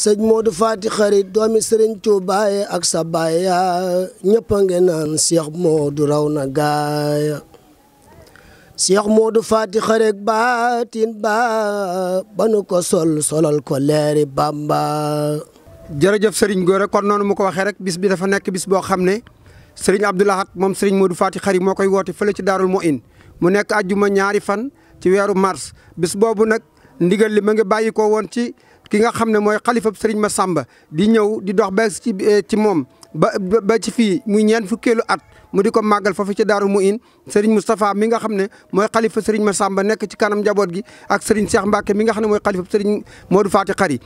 sëñ Modou Fati xarit doomi Serigne Touba ye ak sa baaya ñëpp a ngi naan Cheikh Modou raw na gaaya Cheikh Modou Fati xarit baatin ba banu ko sol solal ko leeri Bamba. jërëjëf Serigne Gora kon noonu mu ko waxee rek bis bi dafa nekk bis boo xam ne Serigne Abdou Lahad moom Serigne Modou Fati xarit moo koy woote fële ci Daarul Mohin mu nekk àjjuma ñaari fan ci weeru mars bis boobu nag ndigal li ma ngi ko woon ci. ki nga xamne moy khalifa serigne ma samba di ñew di dox ba ci eh, ci mom ba ci fi muy ñen fukelu at mu diko magal fofu ci daru Muin serigne Mustafa mi nga xamne moy khalifa serigne ma samba nek ci kanam njaboot gi ak serigne Cheikh mbake mi nga xamne moy khalifa serigne Modou Fati khari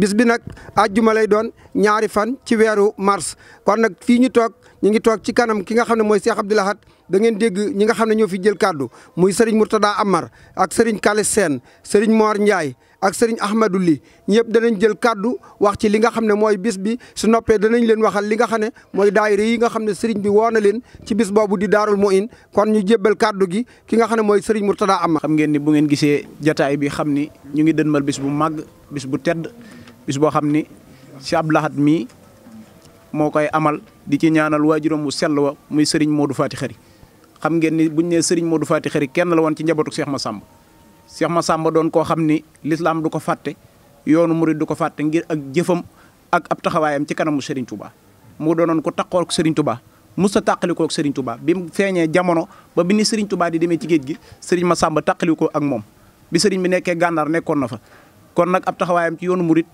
bis bi nak aljuma lay doon ñaari fan ci wéru mars kon nak fi ñu tok ñi ngi tok ci kanam ki nga xamne moy Cheikh abdullah Lahad da ngeen deg ñi nga xamne ne fi jël cadeau muy serigne murtada Amar ak serigne kalle sen serigne Mor ndjay ak sëriñ Ahmadou Ly ñëpp danañ jël kàddu wax ci li nga xam ne mooy bis bi su noppee danañ leen waxal li nga xam ne mooy daayira yi nga xam ne sëriñ bi woo na leen ci bis boobu di daarul in kon ñu jébbal kàddu gi ki nga xam ne mooy sëriñ Mourtada Ama xam ngeen ni bu ngeen gisee jataay bi xam ni ñu ngi dënmal bis bu màgg bis bu tedd bis boo xam ni si mii moo koy amal di ci ñaanal waajuram bu sell wa muy sëriñ Modou faati Xari xam ngeen ni buñ nee sëriñ Modou Fati Xari kenn la woon ci njabootu ma Massamba Cheikh Massamba doon koo xam ni lislaam du ko fàtte yoonu murid du ko fàtte ngir ak jëfam ak ab taxawaayam ci kanamu Serigne Touba mu doonoon ko takkoo ak Serigne Touba mus a tàqalikoo ak Serigne Touba bi mu feeñee jamono ba bi ni Serigne tubaa di demee ci géej gi ma sàmba tàqalikoo ak moom bi Serigne bi nekkee gànnaar nekkoon na fa kon nag ab taxawaayam ci yoonu murid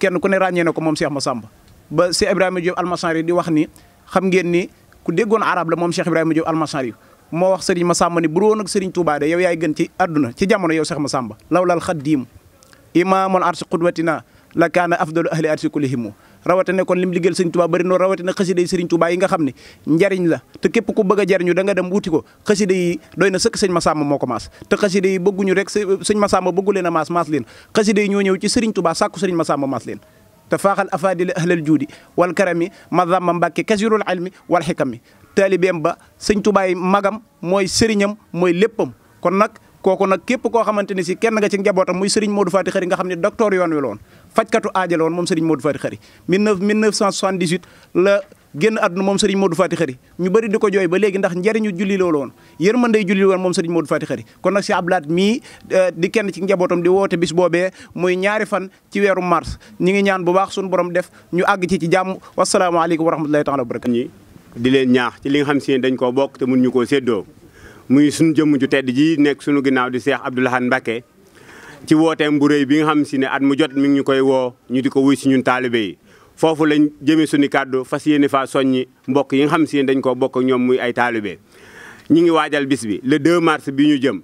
kenn ku ne ràññee ne ko moom ma Massamba ba Cheikh Ibrahima Diop Almasari di wax ni xam ngeen ku déggoon arab la moom Cheikh Ibrahima Diop Almasari moo wax sëriñ Masamba ni bu woon ak sëriñ Touba de yow yaay gën ci àdduna ci jamono yow Cheikh Masamba lawlal xaddiim imaamul arsi qudwatina la kaana afdalu ahli arsi kullihim rawatina kon lim liggéeyal sëriñ Touba bëri noonu rawatina xasida yi sëriñ Touba yi nga xam ne njariñ la te képp ku bëgg a jariñu da nga dem wuti ko xasida yi doy na sëkk sëñ Masamba moo ko maas te xasida yi bëgguñu rek sëñ ma bëggu leen a maas maas leen xasida yi ñoo ñëw ci sëriñ Touba sàkku sëriñ Masamba maas تفاخل أفادي لأهل الجود والكرم مظام مباكي كثير العلم والحكم taalibeem ba sëñ tubaay magam mooy sëriñam mooy léppam kon nag kooku nag képp koo xamante ni si kenn nga ci njabootam muy sëriñ Modou Fati Xari nga xam ne docteur yoon wi la woon fajkatu aaja la woon moom Modou Fati Xari 1978 la genn aduna mom serigne Modou fatih xari ñu bari di ko ba legi ndax njariñu julli won woon ndey julli won mom serigne Modou fatih xari kon nak si ablaat mi eh, di kenn ci njabotam di wote bis bobé muy ñaari fan ci wéru mars ñi ngi ñaan bu baax suñu borom def ñu ag ci ci jàmm alaykum wa rahmatullahi taala wa barakatu ñi di leen ñaax ci li nga xam ci dañ ko bok te mun ñu ko seddo muy suñu jëm ju tedd ji nek suñu ginaaw di Cheikh abdullah han mbake ci wote bu réy bi nga xam ci ne at mu jot mi ngi koy wo ñu di wuy ci ñun talibé foofu lañ jëmee suñu kàddu fas yéene faa soññi mbokk yi nga xam si dañ koo bokk ñoom muy ay taalibe ñi ngi waajal bis bi le 2 mars bi ñu jëm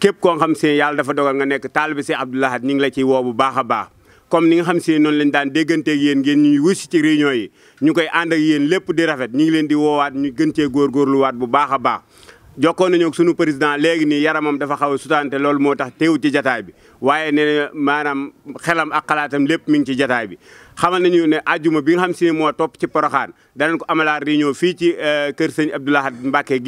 képp koo xam si yàlla dafa dogal nga nekk taalibe si Abdou Lahad ñi ngi la ci woo bu baax a baax comme ni nga xam si noonu lañ daan dégganteeg yéen ngeen ñuy wusi ci réunion yi ñu koy ànd ak yéen lépp di rafet ñu ngi leen di woowaat ñu gën cee góorgóorluwaat bu baaxa baax jokkoon nañu ak sunu président léegi nii yaramam dafa xaw a sutaante loolu moo tax teew ci jataay bi waaye ne maanaam xelam ak xalaatam lépp mi ngi ci jataay bi xamal nañu ne ajuma bi nga xam si ne moo topp ci poroxaan danañ ko amalaat réunion fii ci euh, kër sëñ Abdou Lahad Mbacke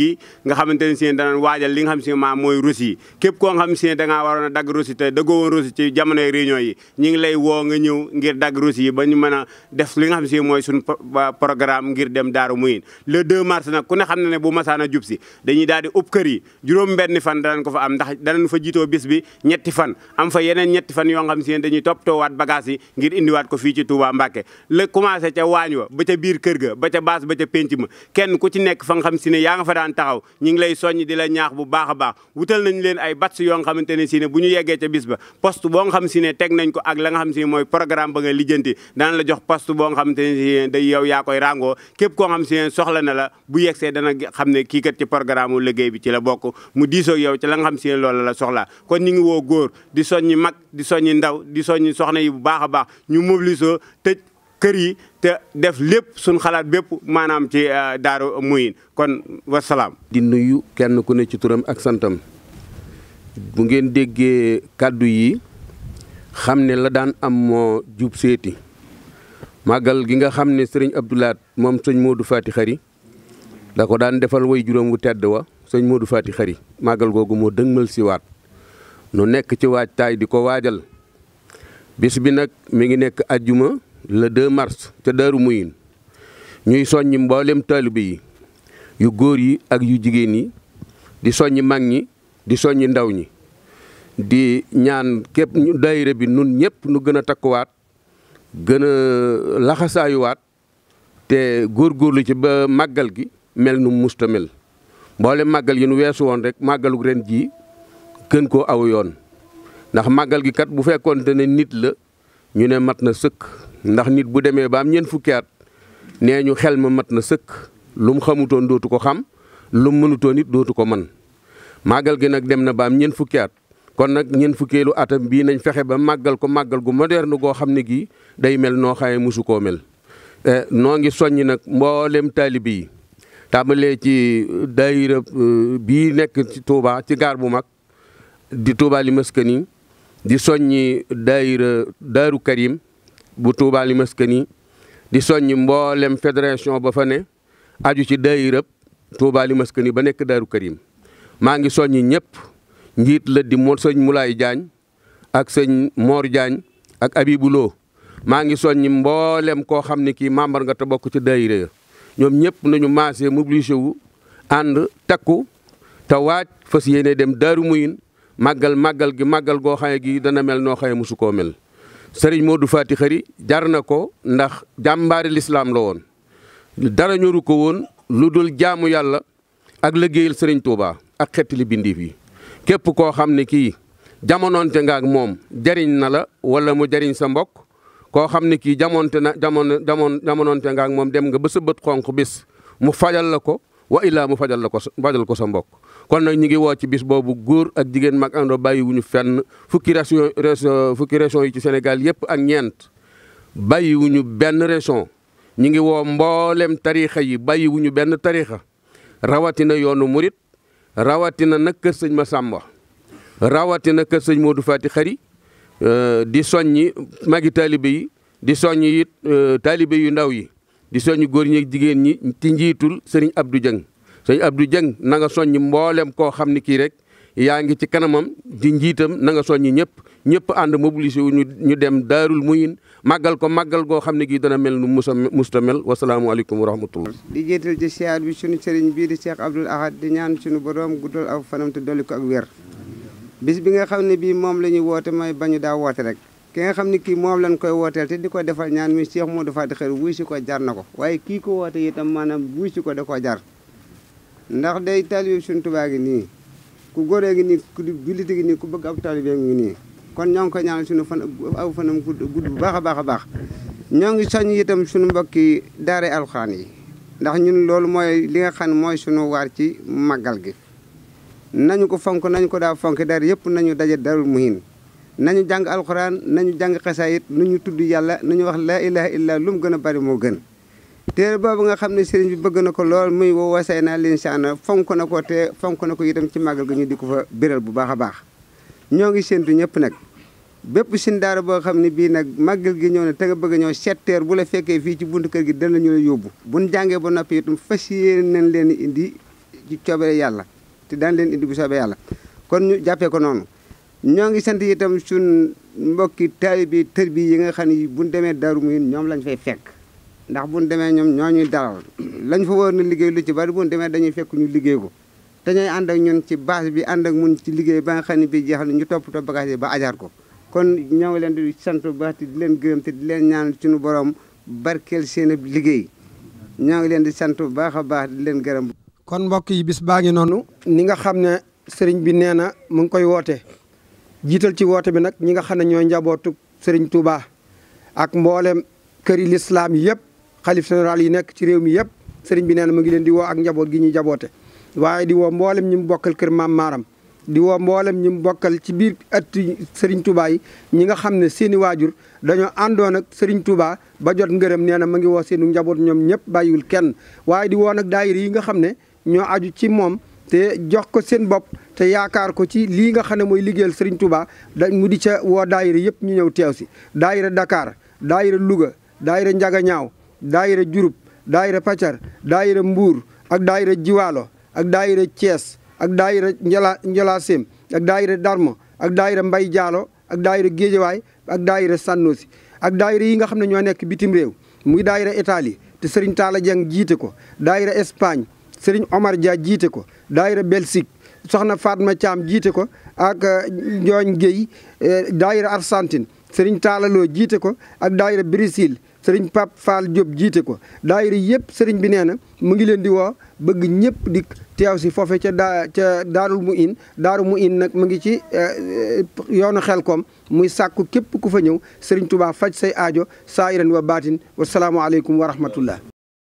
nga xamante ne si ne danañ waajal li nga xam si ne maam mooy rosi yi képp koo nga xam si ne waroon a dagg rosi te daggoo rosi ci jamonoy réunion yi ñu ngi lay woo nga ñëw ngir dag rosi yi ba ñu mën a def li nga xam si ne mooy suñu euh, programme ngir dem daaru muyin le 2 mars nag ku ne xam na ne bu masaan a jub si dañuy daal di ub kër yi juróom benn fan danañ ko am ndax danañ fa jiitoo bis bi ñetti fan am fa yeneen ñetti fan yoo nga xam si ne dañuy toppatoowaat bagage yi ngir indiwaat ko fii ci Touba Touba Mbacke la commencé ca waañ wa ba ca biir kër ga ba ca baas ba ca pénc ma kenn ku ci nekk fa nga xam si ne yaa nga fa daan taxaw ñi ngi lay soññ di la ñaax bu baax a baax wutal nañ leen ay bats yoo xam ne teg nañ ko ak la nga xam si ne mooy programme ba nga lijjanti dana la jox poste boo nga xam si ne soxla na la bu yegsee dana xam ne kii kat ci programme wu liggéey bi ci la bokk mu diisoo yow ci la nga xam si ne loolu la soxla kon ñu ngi woo góor di a tëj kër yi te def lépp suñ xalaat bépp maanaam ci euh, daaru muyin kon wasalaam. di nuyu kenn ku ne ci turam ak santam bu ngeen déggee kàddu yi xam ne la daan am moo jub seeti màggal gi nga xam ne sëriñ Abdoulaat moom sëñ Modou faati Xari da ko daan defal way juróom wu tedd wa sëñ Modou faati Xari màggal googu moo dëngmal si waat nu nekk ci waajtaay di ko waajal bis bi nak mi ngi nek aljuma le 2 mars te daru Muyin ñuy soññi mbollem taalibe yi yu goor yi ak yu jigen yi di soññi magni di soññi ndaw ñi di ñaan kep ñu daayira bi nun ñëpp nu gëna takku waat gëna laxasaayu waat te lu ci ba magal gi mel nu musta mel yi nu wessu won rek magaluk ren ji gën ko aw yoon ndax màggal gi kat bu fekkoonte ne nit la ñu ne mat na sëkk ndax nit bu demee ba am ñeent fukki at nee ñu xel ma mat na sëkk lu mu xamutoon dootu ko xam lu mu mënutoon it dootu ko man màggal gi nag dem na baam am ñeent fukki at kon nag ñeent fukkeelu atam bii nañ fexe ba màggal ko màggal gu moderne goo xam ne gi day mel noo xaye musu koo mel eh, noo ngi soññ nag mbooleem taalibe yi tàmbalee ci eh, daayira eh, bii nekk ci Touba ci gaar bu mag di Touba Limameskouni di soññi daayira daaru karim bu Touba Limaskani di soññ mboolem fédération ba fa ne aju ci daayirab Touba Limaskani ba nekk daaru karim maa ngi soññ ñëpp njiit la di mo sëñ Moulay Diagne ak sëñ Mor Diagne ak Abibou maa ngi soññ mboolem koo xam ne kii membre nga te bokk ci daayira ya ñoom ñëpp nañu maasee mobilisé wu ànd takku te waaj fas yéene dem daaru muyin magal magal gi magal go xaye gi dana mel no xaye musuko mel serigne Modou Fati Xari jarnako ko ndax jàmbaari l'islam la won dara ru ko won luddul jaamu yalla ak liggéeyal serigne Touba ak xettali bindiif yi képp koo xam ne ki nga ak mom jariñ na la wala mu jariñ sa mbokk ko xamne ki na jamon jamon jamonoonte nga ak mom dem nga ba sa bis mu fajal la ko wa ila mu fajal la ko fajal ko sa mbokk kon nag ñu ngi woo ci bis boobu góor ak jigéen mag àndoo bàyyiwuñu fenn fukki région fukki région yi ci Sénégal yëpp ak ñeent bàyyiwuñu benn région ñu ngi woo mboolem tariixa yi bàyyiwuñu benn tariixa rawatina yoonu murit rawatina nag kër sëñ Massamba rawatina kër sëñ Modou Fati Xari euh, di soññi magi taalibe yi di soññi it euh, taalibe yu ndaw yi di soññi góor ñi ak jigéen ñi ci njiitul sëriñ Abdou jëng sëñ Abdou Dieng nanga nga soññ mboolem koo xam ne kii rek yaa ngi ci kanamam di njiitam na nga soññ ñëpp ñëpp ànd mobilisé wu ñu dem daarul muyin màggal ko màggal goo xam ne gii dana mel nu musa musta mel wasalaamualeykum wa rahmatullah di jiital ci siyaar bi sunu sëriñ bii di Cheikh Abdoul Ahad di ñaan sunu borom guddal aw fanam te dolli ko ak wér bis bi nga xam ne bii moom la ñuy woote mooy bañu daa woote rek ki nga xam ne kii moom lañ koy wooteel te di ko defal ñaan mi Cheikh Modou Fadi xër wuy si ko jar na ko waaye kii ko woote itam maanaam wuy ko da koo jar ndax day taalibe suñ tubaa gi nii ku góoree gi nii ku jullite gi nii ku bëgg ab taalibe ngi nii kon ñoo ngi ko ñaanal suñu fan aw fanam gudd bu baax a baax a baax ñoo ngi soññ itam suñu mbokki daare alxuraan yi ndax ñun loolu mooy li nga xam ne mooy suñu waar ci màggal gi nañu ko fonk nañu ko daa fonk daara yëpp nañu daje darul muhin nañu jàng alxuraan nañu jàng it nu ñu tudd yàlla nu nañu wax laa ilaha illa lu mu gën a bari moo gën téere boobu nga xam ne sëriñ bi bëgg na ko lool muy woo wasay naa leen saana fonk na ko te fonk na ko itam ci màggal ga ñu di ko fa biral bu baax a baax ñoo ngi séntu ñëpp nag bépp sin daara boo xam ne bii nag màggal gi ñëw ne te nga bëgg a ñëw setteer bu la fekkee fii ci buntu kër gi dana ñu la yóbbu buñ jàngee ba noppi itam fas yéene nañ leen indi ci coobare yàlla te daan leen indi bu soobee yàlla kon ñu jàppee ko noonu ñoo ngi sant itam suñ mbokki taalibi tër bi yi nga xam ne buñ demee Daaru Muhin ñoom lañ fay fekk ndax buñ demee ñoom ñoo ñuy dalal lañ fa war na liggéey lu ci bari buñ demee dañuy fekk ñu liggéey ko te ñooy ànd ak ñun ci base bi ànd ak mun ci liggéey ba nga xam ne ñu toppatoo bagage yi ajaar ko kon ñoo ngi leen di sant bu baax te di leen gërëm di leen ñaan ci nu borom barkeel seen liggéey ñoo ngi leen di sant bu baax a baax leen gërëm. kon mbokk yi bis baa ngi noonu. ni nga xam ne sëriñ bi nee na mu ngi koy woote jiital ci woote bi nag ñi nga xam ne ñooy njabootu sëriñ Touba ak mboolem këri lislaam yëpp. xalif général yi nekk ci réew mi yëpp sëriñ bi nee na mu ngi leen di woo ak njaboot gi ñu jaboote waaye di woo mboolem ñi mu bokkal kër maam maaram di woo mboolem ñi mu bokkal ci biir ëtt sëriñ Touba yi ñi nga xam ne seeni waajur dañoo àndoon ak sëriñ Touba ba jot ngërëm nee na ma ngi woo seenu njaboot ñoom ñëpp bàyyiwul kenn waaye di woo nag daayira yi nga xam ne ñoo aju ci moom te jox ko seen bopp te yaakaar ko ci lii nga xam ne mooy liggéeyal sëriñ Touba mu di ca woo yëpp ñu ñëw teew si daayira Dakar daayira Louga daayira Njagañaaw daayira jurup daayira paccar daayira Mbuur ak daayira Jiwaalo ak daayira Thiès ak daayira Njala Njalaasem ak daayira Darmo ak daayira Mbay Jaalo ak daayira Géejawaay ak daayira Sànnoosi ak daayira yi nga xam ne ñoo nekk bitim réew muy daayira Italie te Serigne Talla Dieng jiite ko daayira Espagne Serigne Omar Dia jiite ko daayira Belgique soxna faatma Thiam jiite ko ak euh, Njooñ Guèye euh, daayira Argentine Serigne Talla Lo jiite ko ak daayira Brésil sëriñ Pape Fall Diop jiite ko daayira yëpp sëriñ bi nee na mu ngi leen di woo bëgg ñëpp di teew si foofe ca daa ca daarul mu in daaru mu in nag mu ngi ci eh, yoonu xel koom muy sàkku képp ku fa ñëw sëriñ Touba faj say aajo saa iran wa baatin wasalaamualeykum wa rahmatullah